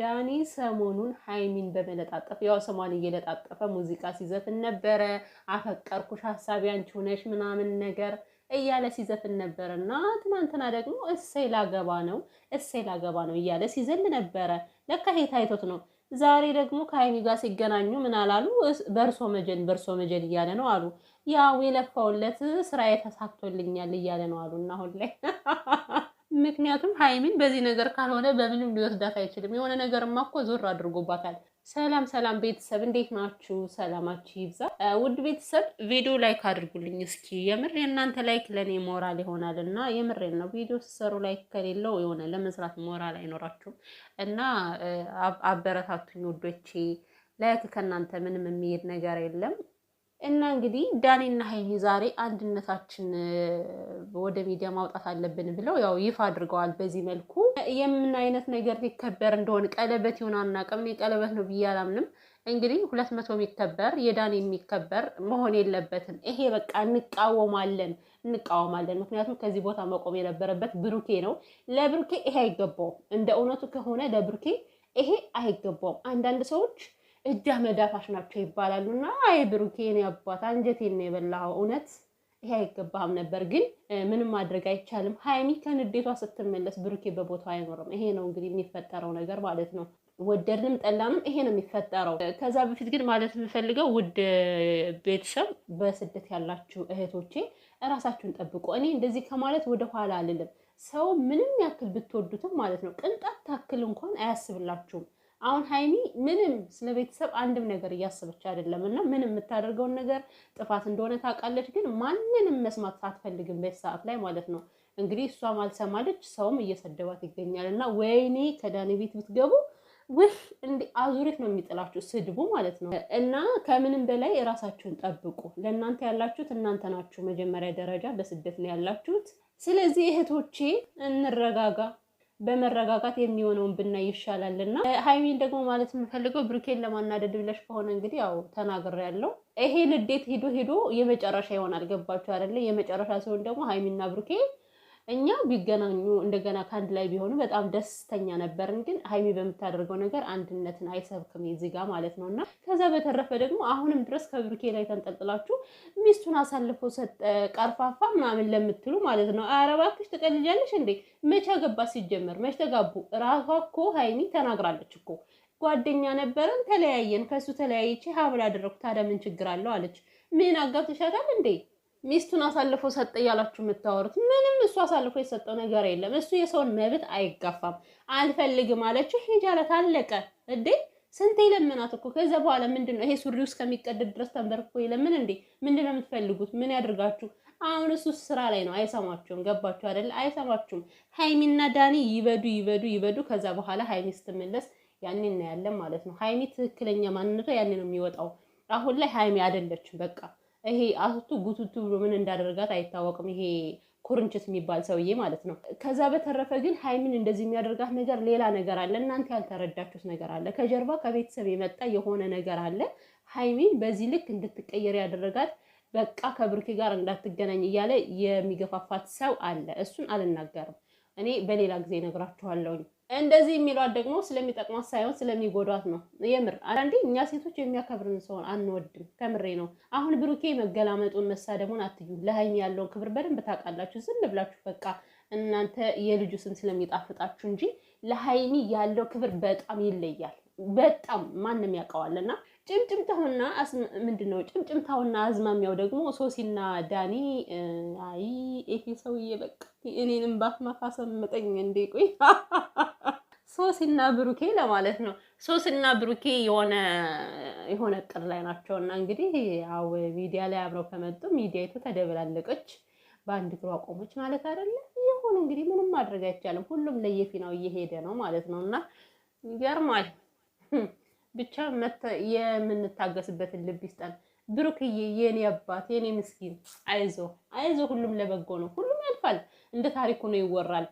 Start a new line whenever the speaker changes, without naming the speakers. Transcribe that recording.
ዳኒ ሰሞኑን ሀይሚን በመለጣጠፍ ያው ስሟን እየለጣጠፈ ሙዚቃ ሲዘፍን ነበረ። አፈቀርኩሽ ሀሳቢ አንቺ ሆነሽ ምናምን ነገር እያለ ሲዘፍን ነበረ እና ትናንትና ደግሞ እሰይ ላገባ ነው እሰይ ላገባ ነው እያለ ሲዘል ነበረ። ለካ ሄት አይቶት ነው። ዛሬ ደግሞ ከሀይሚ ጋር ሲገናኙ ምን አላሉ? በእርሶ መጀን በእርሶ መጀን እያለ ነው አሉ። ያው የለፋውለት ስራ የተሳክቶልኛል እያለ ነው አሉ እና አሁን ላይ ምክንያቱም ሀይሚን በዚህ ነገር ካልሆነ በምንም ሊወስዳት አይችልም። የሆነ ነገርማ እኮ ዞር አድርጎባታል። ሰላም ሰላም ቤተሰብ እንዴት ናችሁ? ሰላማችሁ ይብዛ። ውድ ቤተሰብ
ቪዲዮ ላይክ አድርጉልኝ እስኪ። የምር የእናንተ ላይክ ለእኔ ሞራል ይሆናል እና የምሬን ነው። ቪዲዮ ሲሰሩ ላይክ ከሌለው የሆነ ለመስራት ሞራል አይኖራችሁም እና አበረታቱኝ ውዶቼ። ላይክ ከእናንተ ምንም የሚሄድ ነገር የለም። እና እንግዲህ ዳኒና ሀይሚ ዛሬ አንድነታችን ወደ ሚዲያ ማውጣት አለብን ብለው ያው ይፋ አድርገዋል። በዚህ መልኩ የምን አይነት ነገር ሊከበር እንደሆነ ቀለበት ይሆን አናውቅም። እኔ ቀለበት ነው ብዬ አላምንም። እንግዲህ ሁለት መቶ የሚከበር የዳኔ የሚከበር መሆን የለበትም። ይሄ በቃ እንቃወማለን እንቃወማለን። ምክንያቱም ከዚህ ቦታ መቆም የነበረበት ብሩኬ ነው። ለብሩኬ ይሄ አይገባውም። እንደ እውነቱ ከሆነ ለብሩኬ ይሄ አይገባውም። አንዳንድ ሰዎች እጃህ መዳፋሽ ናቸው ይባላሉ። እና አይ ብሩኬን ያባት አንጀቴን ነው እውነት ይሄ አይገባህም ነበር፣ ግን ምንም ማድረግ አይቻልም። ሀይሚ ከንዴቷ ስትመለስ ብሩኬ በቦታው አይኖርም። ይሄ ነው እንግዲህ የሚፈጠረው ነገር ማለት ነው። ወደድንም ጠላንም ይሄ ነው የሚፈጠረው። ከዛ በፊት ግን ማለት የምፈልገው ውድ ቤተሰብ በስደት ያላችሁ እህቶቼ እራሳችሁን ጠብቁ። እኔ እንደዚህ ከማለት ወደኋላ አልልም። ሰው ምንም ያክል ብትወዱትም ማለት ነው ቅንጣት ታክል እንኳን አያስብላችሁም። አሁን ሀይሚ ምንም ስለ ቤተሰብ አንድም ነገር እያሰበች አይደለም፣ እና ምንም የምታደርገውን ነገር ጥፋት እንደሆነ ታውቃለች፣ ግን ማንንም መስማት አትፈልግም ሰዓት ላይ ማለት ነው። እንግዲህ እሷም አልሰማለች፣ ሰውም እየሰደባት ይገኛል። እና ወይኔ ከዳኒ ቤት ብትገቡ ውህ እንዲህ አዙሪት ነው የሚጥላችሁ ስድቡ ማለት ነው። እና ከምንም በላይ ራሳችሁን ጠብቁ። ለእናንተ ያላችሁት እናንተ ናችሁ። መጀመሪያ ደረጃ በስደት ነው ያላችሁት። ስለዚህ እህቶቼ እንረጋጋ። በመረጋጋት የሚሆነውን ብናይ ይሻላል እና ሀይሚን ደግሞ ማለት የምፈልገው ብሩኬን ለማናደድ ብለሽ ከሆነ እንግዲህ ያው ተናግር ያለው ይሄ ንዴት ሂዶ ሂዶ የመጨረሻ ይሆናል። ገባችሁ አይደለ? የመጨረሻ ሲሆን ደግሞ ሀይሚና ብሩኬ እኛ ቢገናኙ እንደገና ከአንድ ላይ ቢሆኑ በጣም ደስተኛ ነበርን። ግን ሀይሚ በምታደርገው ነገር አንድነትን አይሰብክም እዚህ ጋር ማለት ነው። እና ከዛ በተረፈ ደግሞ አሁንም ድረስ ከብሩኬ ላይ ተንጠልጥላችሁ ሚስቱን አሳልፎ ሰጠ ቀርፋፋ ምናምን ለምትሉ ማለት ነው። ኧረ እባክሽ ትቀልጃለሽ እንዴ? መቼ ገባ ሲጀመር መቼ ተጋቡ? ራሷ እኮ ሀይሚ ተናግራለች እኮ ጓደኛ ነበረን ተለያየን፣ ከእሱ ተለያይቼ ሀብል አደረኩ። ታዲያ ምን ችግር አለው አለች። ምን አጋብተሻታል እንዴ? ሚስቱን አሳልፎ ሰጠ እያላችሁ የምታወሩት ምንም እሱ አሳልፎ የሰጠው ነገር የለም። እሱ የሰውን መብት አይጋፋም። አልፈልግም አለችው ሂጂ አላት። አለቀ እንዴ! ስንት የለምናት እኮ ከዛ በኋላ ምንድን ነው ይሄ ሱሪ ውስጥ ከሚቀደድ ድረስ ተንበርክኮ የለምን እንዴ? ምንድን ነው የምትፈልጉት? ምን ያድርጋችሁ? አሁን እሱ ስራ ላይ ነው። አይሰማችሁም። ገባችሁ አይደለ? አይሰማችሁም። ሀይሚና ዳኒ ይበዱ ይበዱ ይበዱ። ከዛ በኋላ ሀይሚ ስትመለስ ያኔ እናያለን ማለት ነው። ሀይሚ ትክክለኛ ማንነቷ ያኔ ነው የሚወጣው። አሁን ላይ ሀይሚ አይደለችም በቃ ይሄ አቱ ጉቱቱ ብሎ ምን እንዳደረጋት አይታወቅም። ይሄ ኩርንችት የሚባል ሰውዬ ማለት ነው። ከዛ በተረፈ ግን ሀይሚን እንደዚህ የሚያደርጋት ነገር ሌላ ነገር አለ። እናንተ ያልተረዳችሁት ነገር አለ። ከጀርባ ከቤተሰብ የመጣ የሆነ ነገር አለ። ሀይሚን በዚህ ልክ እንድትቀየር ያደረጋት በቃ ከብርኪ ጋር እንዳትገናኝ እያለ የሚገፋፋት ሰው አለ። እሱን አልናገርም እኔ በሌላ ጊዜ ነግራችኋለሁኝ። እንደዚህ የሚሏት ደግሞ ስለሚጠቅሟት ሳይሆን ስለሚጎዷት ነው። የምር አንዳንዴ እኛ ሴቶች የሚያከብርን ሰውን አንወድም። ከምሬ ነው። አሁን ብሩኬ መገላመጡን መሳደቡን አትዩ። ለሀይሚ ያለውን ክብር በደንብ ታውቃላችሁ። ዝም ብላችሁ በቃ እናንተ የልጁ ስም ስለሚጣፍጣችሁ እንጂ ለሀይሚ ያለው ክብር በጣም ይለያል። በጣም ማንም ያውቀዋልና ጭምጭምታውና ምንድን ነው ጭምጭምታውና አዝማሚያው ደግሞ ሶሲና ዳኒ አይ ይሄ ሰውዬ በቃ እኔንም ባትማካሰብ መጠኝ እንዴ ቆይ ሶሲና ብሩኬ ለማለት ነው። ሶሲና ብሩኬ የሆነ የሆነ እቅድ ላይ ናቸውና እንግዲህ ያው ሚዲያ ላይ አብረው ከመጡ ሚዲያይቱ ተደበላለቀች፣ በአንድ እግሯ ቆመች ማለት አይደለ? ይሁን እንግዲህ ምንም ማድረግ አይቻልም። ሁሉም ለየፊናው እየሄደ ነው ማለት ነው እና ይገርማል። ብቻ የምንታገስበትን ልብ ይስጠን። ብሩክዬ የኔ አባት የኔ ምስኪን አይዞ አይዞ፣ ሁሉም ለበጎ ነው። ሁሉም ያልፋል። እንደ ታሪኩ ነው ይወራል።